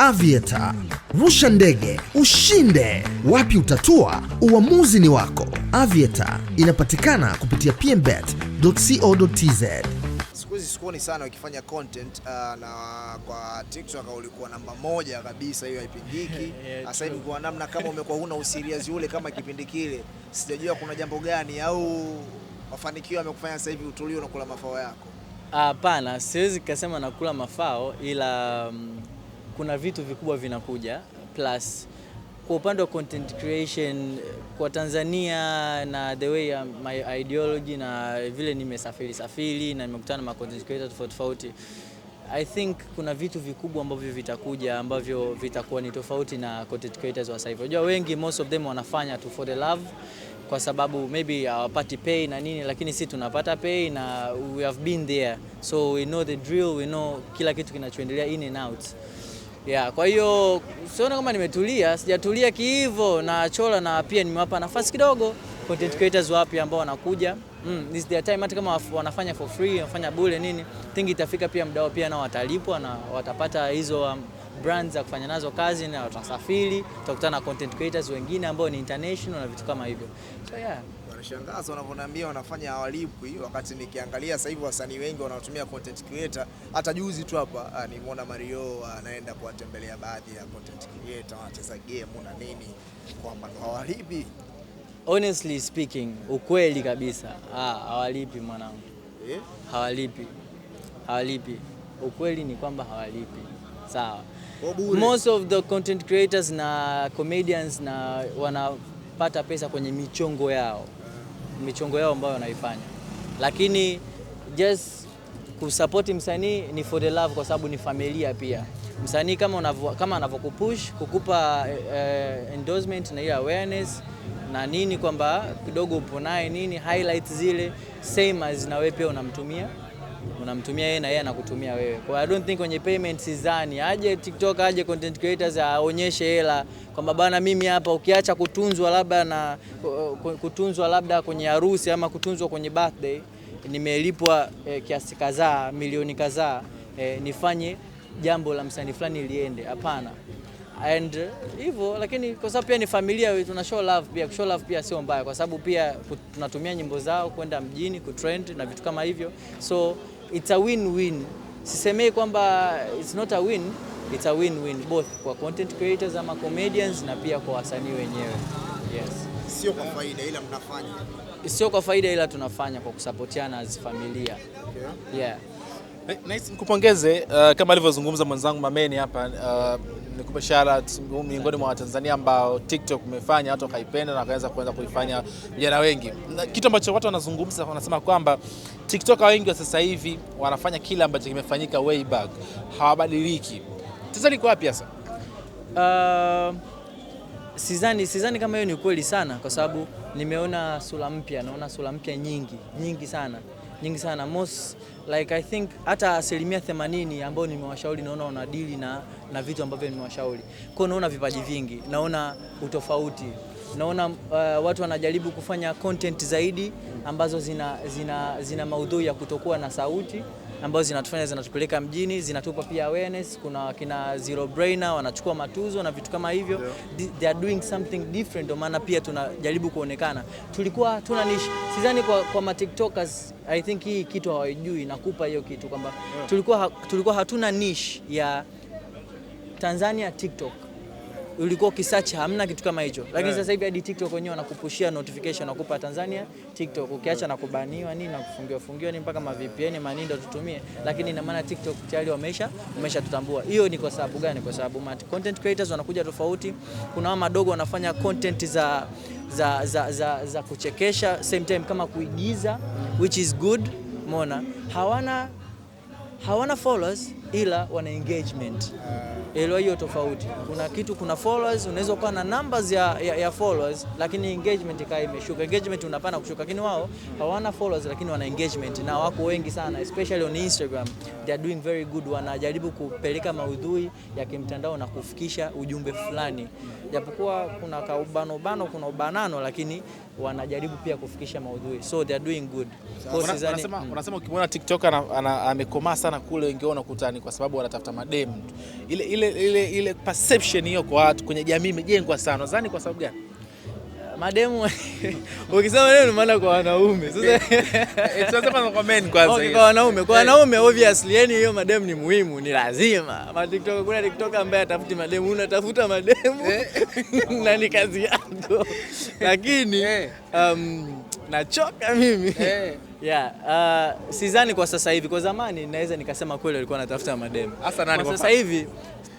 Avieta, rusha ndege ushinde. Wapi utatua? Uamuzi ni wako. Avieta inapatikana kupitia pmbet.co.tz. Siku hizi sikuoni sana wakifanya content uh, na kwa TikTok ulikuwa namba moja kabisa, hiyo haipingiki. Sasa hivi kwa namna kama umekuwa huna usiriazi ule kama kipindi kile, sijajua kuna jambo gani au mafanikio yamekufanya sasa hivi utulie kula mafao yako? Hapana, siwezi kasema nakula mafao ila um kuna vitu vikubwa vinakuja plus kwa upande wa content creation kwa Tanzania na the way my ideology na vile nimesafiri safiri na nimekutana na content creator tofauti tofauti, I think kuna vitu vikubwa ambavyo vitakuja ambavyo vitakuwa ni tofauti na content creators wa sasa hivi. Unajua wengi, most of them wanafanya tu for the love, kwa sababu maybe hawapati uh, pay na nini, lakini sisi tunapata pay na we have been there, so we know the drill, we know kila kitu kinachoendelea in and out. Yeah, kwa hiyo siona kama nimetulia, sijatulia kiivo na Chola na pia nimewapa nafasi kidogo content creators wapya ambao wanakuja. Mm, is their time hata kama wanafanya for free, wanafanya bure nini. Think itafika pia mdao pia nao watalipwa na watapata hizo um, brands za kufanya nazo kazi na watasafiri, tutakutana na content creators wengine ambao ni international na vitu kama hivyo. So yeah. Wanashangaza wanavyoniambia wanafanya hawalipwi, wakati nikiangalia sasa hivi wasanii wengi wanaotumia content creator. Hata juzi tu hapa ah, nimeona Mario ah, anaenda kuwatembelea baadhi ya content creator wanacheza game na nini, kwamba hawalipi. Honestly speaking, ukweli kabisa, ah, hawalipi mwanangu eh? hawalipi hawalipi. Ukweli ni kwamba hawalipi, sawa. Most of the content creators na comedians na wanapata pesa kwenye michongo yao michongo yao ambayo wanaifanya, lakini just kusapoti msanii ni for the love, kwa sababu ni familia pia. Msanii kama unavu, kama anavyokupush kukupa eh, eh, endorsement na ile awareness na nini kwamba kidogo upo naye nini highlight zile same as na wewe pia unamtumia unamtumia yeye na yeye anakutumia wewe. Kwa I don't think kwenye payment sidhani aje TikTok aje content creators aonyeshe hela kwamba bana, mimi hapa, ukiacha kutunzwa labda na kutunzwa labda kwenye harusi ama kutunzwa kwenye birthday, nimelipwa eh, kiasi kadhaa milioni kadhaa eh, nifanye jambo la msanii fulani liende. Hapana and hivyo uh, lakini kwa sababu pia ni familia, tuna show love pia. Show love pia sio mbaya, kwa sababu pia tunatumia nyimbo zao kwenda mjini kutrend na vitu kama hivyo so it's a win-win. Sisemei kwamba it's not a win, it's a win-win both kwa content creators ama comedians na pia kwa wasanii wenyewe. Yes. Sio kwa faida ila mnafanya. Sio kwa faida ila tunafanya kwa kusapotiana as familia. Okay. Yeah. Nice, nikupongeze uh, kama alivyozungumza mwenzangu Mameni hapa uh, nikupe shout miongoni mwa Watanzania ambao TikTok umefanya watu wakaipenda na wakaanza kuanza kuifanya vijana wengi, kitu ambacho watu wanazungumza, wanasema kwamba TikTok wengi wa sasa hivi wanafanya kile ambacho kimefanyika way back, hawabadiliki. Sasa liko wapi sasa? Uh, sizani, sizani kama hiyo ni kweli sana, kwa sababu nimeona sura mpya, naona sura mpya nyingi nyingi sana nyingi sana most like I think hata asilimia 80 ambao nimewashauri naona wanadili na, na vitu ambavyo nimewashauri. Kwa hiyo naona vipaji vingi, naona utofauti, naona uh, watu wanajaribu kufanya content zaidi ambazo zina, zina, zina maudhui ya kutokuwa na sauti ambazo zinatufanya zinatupeleka mjini, zinatupa pia awareness. Kuna kina Zero Brainer wanachukua matuzo na vitu kama hivyo yeah. They are doing something different, ndio maana pia tunajaribu kuonekana. Tulikuwa tuna niche, sidhani kwa, kwa ma TikTokers I think hii kitu hawajui, nakupa hiyo kitu kwamba yeah. Tulikuwa, tulikuwa hatuna niche ya Tanzania TikTok ulikuwa ukisearch hamna kitu kama hicho, lakini yeah. Sasa hivi hadi TikTok wenyewe wanakupushia notification wakupa Tanzania TikTok ukiacha na kubaniwa nini na kufungiwa fungiwa nini mpaka ma VPN manindo tutumie, lakini ina maana TikTok tayari wamesha wamesha tutambua. Hiyo ni kwa sababu gani? Kwa sababu content creators wanakuja tofauti. Kuna wao madogo wanafanya content za za, za, za, za kuchekesha same time kama kuigiza which is good. Mona hawana hawana followers ila wana engagement. Elewa hiyo tofauti. Kuna kitu, kuna followers, unaweza kuwa na numbers ya, ya, ya followers lakini engagement ikawa imeshuka. Engagement unapana kushuka, lakini wao hawana followers lakini wana engagement na wako wengi sana especially on Instagram. They are doing very good, wanajaribu kupeleka maudhui ya kimtandao na kufikisha ujumbe fulani. Japokuwa kuna kaubano bano, kuna ubanano lakini wanajaribu pia kufikisha maudhui. So they are doing good. Unasema unasema ukimwona TikTok amekomaa sana kule, wengi ungeona kutani ni kwa sababu wanatafuta mademu. Ile, ile, ile, ile perception hiyo kwa watu kwenye jamii imejengwa sana. Nadhani kwa sababu gani? mademu ukisema neno maana kwa wanaume eh, eh, kwa wanaume kwa eh. wanaume obviously, yani hiyo mademu ni muhimu, ni lazima. TikTok, kuna tiktok ambaye atafuti mademu, unatafuta mademu na ni kazi yako, lakini um, nachoka mimi Yeah, uh, sizani kwa sasa hivi. Kwa zamani naweza nikasema kweli walikuwa wanatafuta mademu. sasa hivi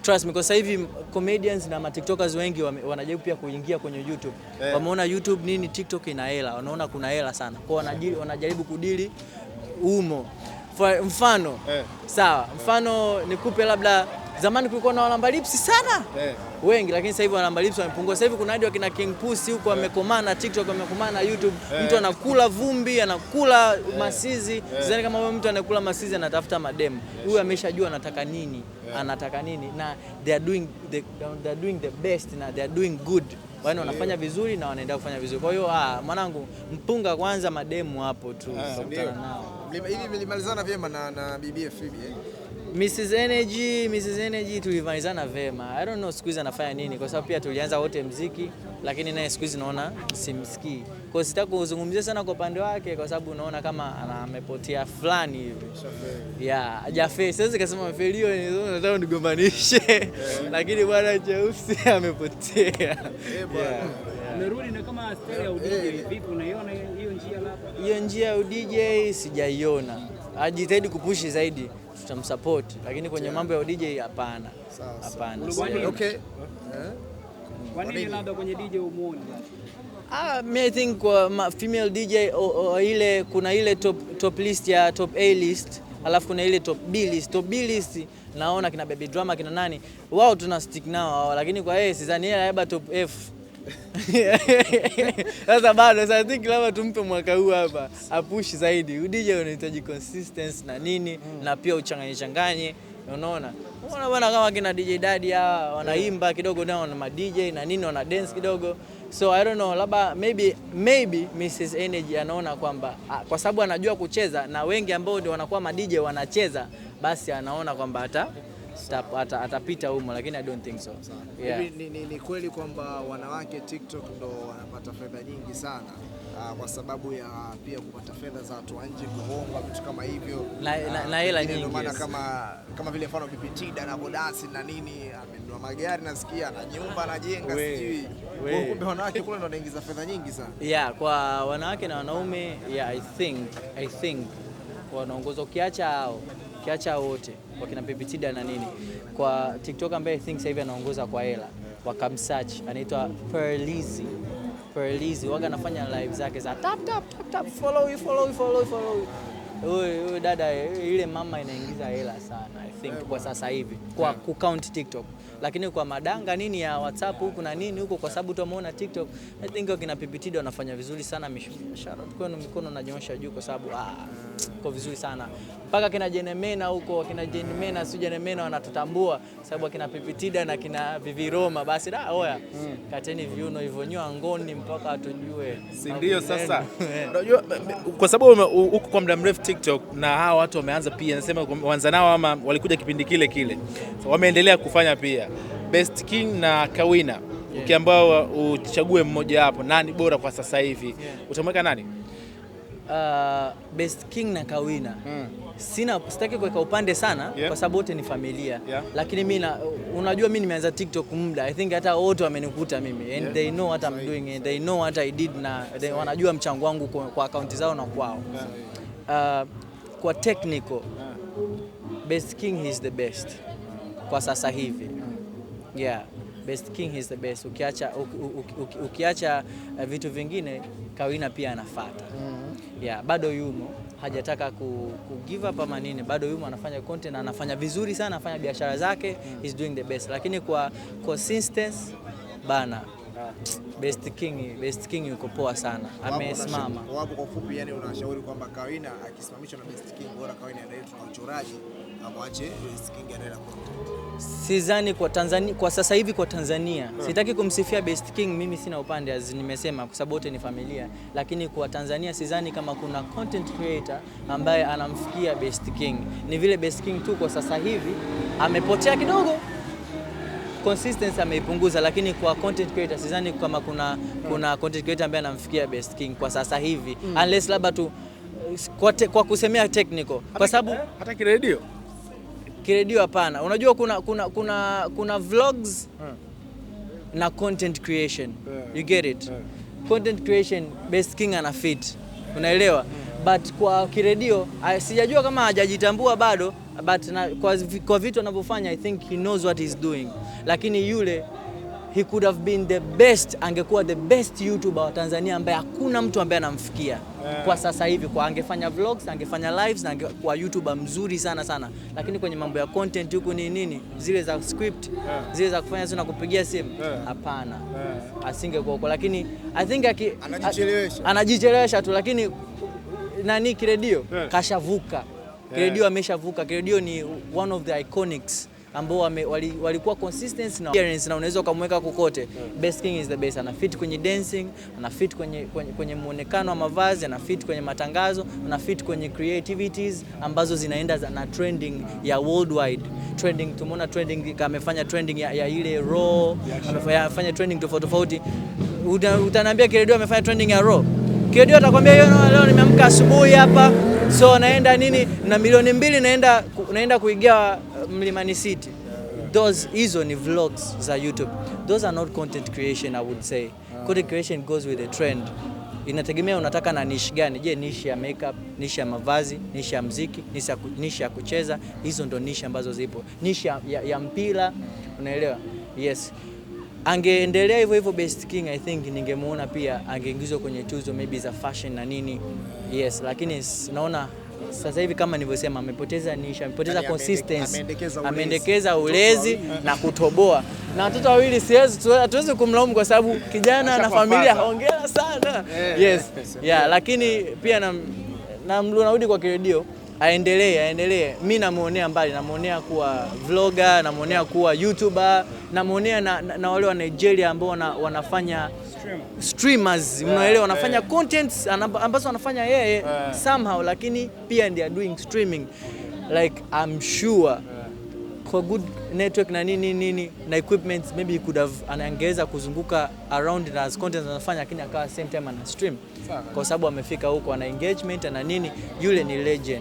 Trust me, kwa sasa hivi comedians na ma tiktokers wengi wanajaribu pia kuingia kwenye YouTube yeah. Wameona YouTube nini, TikTok ina hela, wanaona kuna hela sana Kwa wanajaribu kudili umo. For mfano yeah. Sawa, mfano nikupe labda Zamani kulikuwa na walamba lipsi sana yeah, wengi, lakini sasa hivi walamba lipsi wamepungua. Sasa hivi kuna hadi wakina King Pusi huko wamekomana, TikTok wamekomana, YouTube yeah, mtu anakula vumbi anakula yeah, masizi eh. sidhani yeah, kama huyo mtu anakula masizi anatafuta mademu huyu yes. ameshajua anataka nini yeah, anataka nini na they are doing the, they are doing the best na they are doing good Yaani wanafanya eh. vizuri na wanaenda kufanya vizuri. Kwa hiyo ah, mwanangu mpunga kwanza mademu hapo tu tutakutana ah, nao. Hivi nilimalizana vyema na na BBF hivi. Mrs. Energy, Mrs. Energy tulivanizana vema. I don't know siku hizi anafanya nini kwa sababu pia tulianza wote mziki lakini naye siku hizi naona simsikii. Kwa hiyo sitaki kuzungumzia sana kwa upande wake kwa sababu unaona kama amepotea fulani hivi. Yeah, hajafail. Siwezi kusema mfelio ni nataka nigombanishe. Eh. Lakini bwana Cheusi amepotea. Eh, Amerudi na kama style ya eh, vipi unaiona hiyo njia hapo? Hiyo njia ya DJ sijaiona ajitahidi kupushi zaidi, tutamsupport, lakini kwenye mambo ya DJ hapana, hapana. Okay, kwa nini labda kwenye DJ umuone? Ah, I think kwa female DJ o, o, ile kuna ile top, top list ya top A list alafu kuna ile top B list. Top B list naona kina Baby Drama kina nani wao tuna stick nao, lakini kwa yeye sidhani, labda top F Sasa bado sasa, think labda tumpe mwaka huu hapa apush zaidi. DJ unahitaji consistency na nini mm. na pia uchanganye changanye, unaona unaona bwana, kama kina DJ Daddy hawa wanaimba kidogo nao na ma DJ na nini wana dance kidogo, so I don't know, labda maybe maybe Mrs Energy anaona kwamba ah, kwa sababu anajua kucheza na wengi ambao ndio wanakuwa ma DJ wanacheza, basi anaona kwamba hata atapita humo, lakini I don't think so. Yeah. Ni, ni, ni kweli kwamba wanawake TikTok ndo wanapata fedha nyingi sana uh, kwa sababu ya pia kupata fedha za watu wa nje, kuhonga vitu kama hivyo na ah, hela nyingi, ndio maana kama kama vile mfano Bipitida na Bodasi na nini amenunua ah, magari nasikia na nyumba anajenga, sijui kumbe wanawake kule ndo wanaingiza fedha nyingi sana. Yeah, kwa wanawake na wanaume yeah, I think I think wanaongoza ukiacha hao ukiacha wote wakina Pepitida na nini, kwa TikTok ambaye I think sasa hivi anaongoza kwa hela, wakamsearch anaitwa Perlizi Perlizi, waga anafanya live zake za tap tap tap tap, follow you follow you follow you follow you Huyu dada ile mama inaingiza hela sana I think kwa sasa hivi kwa kucount TikTok lakini kwa madanga nini ya WhatsApp huku na nini huko, kwa sababu tumeona TikTok, I think wakina PPTD wanafanya vizuri sana biashara kwenu, mikono nanyoosha juu kwa sababu ah, kwa vizuri sana mpaka kina Jenemena huko kina Jenemena si Jenemena wanatutambua sababu kina PPTD na kina Vivi Roma, basi da ah, oya mm. kateni viuno hivyo nyoa ngoni mpaka atujue, si ndio? Sasa eh. unajua kwa sababu huko kwa muda mrefu TikTok na hawa watu wameanza pia, nasema wanza nao ama walikuja kipindi kile kile, so, wameendelea kufanya pia best king na kawina yeah. Ukiambiwa uchague mmoja wapo nani bora kwa sasa hivi yeah. Utamweka nani? Uh, best king na kawina mm. Sina, sitaki kuweka upande sana yeah. Kwa sababu wote ni familia yeah. Lakini mimi unajua, mimi nimeanza TikTok muda, I think hata wote wamenikuta mimi and yeah. They know what I'm doing and they know what I did na they, wanajua mchango wangu kwa, kwa akaunti zao na kwao uh, kwa technical best king is the best kwa sasa hivi Yeah, best king is the best. Ukiacha, u, u, u, ukiacha eh, vitu vingine Kawina pia anafuata. mm -hmm. Yeah, bado yumo hajataka ku, ku give up ama nini, bado yumo anafanya content, na anafanya vizuri sana, anafanya biashara zake mm -hmm. he's doing the best, lakini kwa consistency bana Best King, Best King yuko poa sana, amesimama. Wapo kwa ufupi, yani unashauri kwamba Kawina akisimamishwa na Best King bora Kawina aendelee na uchoraji amwache eh, Sizani kwa Tanzania, kwa sasa hivi kwa Tanzania hmm. Sitaki kumsifia Best King, mimi sina upande as nimesema, kwa sababu wote ni familia, lakini kwa Tanzania sizani kama kuna content creator ambaye anamfikia Best King. Ni vile Best King tu kwa sasa hivi amepotea kidogo, consistency ameipunguza, lakini kwa content creator sizani kama kuna, kuna content creator ambaye anamfikia Best King kwa sasa hivi hmm. Unless labda tu eh, kwa, te, kwa kusemea technical kwa sababu eh, hata kiredio kiredio hapana. Unajua kuna kuna kuna kuna vlogs na content creation you get it content creation Best King ana fit unaelewa but kwa kiredio sijajua kama hajajitambua bado but na, kwa, kwa vitu anavyofanya I think he knows what he's doing, lakini yule he could have been the best, angekuwa the best YouTuber wa Tanzania ambaye hakuna mtu ambaye anamfikia. Eh. kwa sasa hivi, kwa angefanya vlogs, angefanya lives na angekuwa YouTuber mzuri sana sana, lakini kwenye mambo ya content huku ni nini, zile za script yeah. zile za kufanya na kupigia simu eh. hapana, yeah. yeah. asingekuwa huko, lakini I think aki, anajichelewesha anajichelewesha tu, lakini nani kiredio yeah. kashavuka kiredio yeah. ameshavuka kiredio ni one of the iconics ambao walikuwa wali consistent na experience na unaweza ukamweka kokote. Hmm. Best King is the best, ana fit kwenye dancing, ana fit kwenye, kwenye, kwenye muonekano wa mavazi, ana fit kwenye matangazo, ana fit kwenye creativities ambazo zinaenda na trending ya worldwide. Trending tumeona trending amefanya trending ya, ya ile raw, amefanya yeah, sure. trending tofauti tofauti. Utaniambia Kiredio amefanya trending ya raw. Kiredio atakwambia hiyo, leo nimeamka asubuhi hapa, so naenda nini na milioni mbili naenda naenda kuigia Mlimani City. Those hizo ni vlogs za YouTube. Those are not content creation I would say. Content creation goes with the trend. Inategemea unataka na niche gani. Je, niche ya makeup, niche ya mavazi, niche ya muziki, niche ya kucheza, hizo ndo niche ambazo zipo. Niche ya, ya, ya mpira, unaelewa? Yes. Angeendelea hivyo hivyo Best King, I think ningemuona pia angeingizwa kwenye tuzo maybe za fashion na nini. Yes, lakini naona sasa hivi kama nilivyosema, amepoteza nisha, amepoteza yaani consistency, ameendekeza ulezi, na kutoboa na watoto wawili, siwezi hatuwezi kumlaumu kwa sababu kijana na familia. Hongera sana eh, eh, Yes. Eh, yeah, lakini pia na, na kwa kiredio aendelee aendelee. Mi namuonea mbali, namuonea kuwa vlogger, namuonea kuwa YouTuber namwonea na, na, na wale wa Nigeria ambao wana, wanafanya streamers yeah, mnaelewa wanafanya yeah, contents ambazo wanafanya yeye yeah, yeah. somehow lakini pia they are doing streaming like I'm sure yeah, kwa good network na nini nini na equipment maybe he could have anaongeza kuzunguka around na as content anafanya, lakini akawa same time ana stream kwa sababu amefika huko ana engagement na nini, yule ni legend.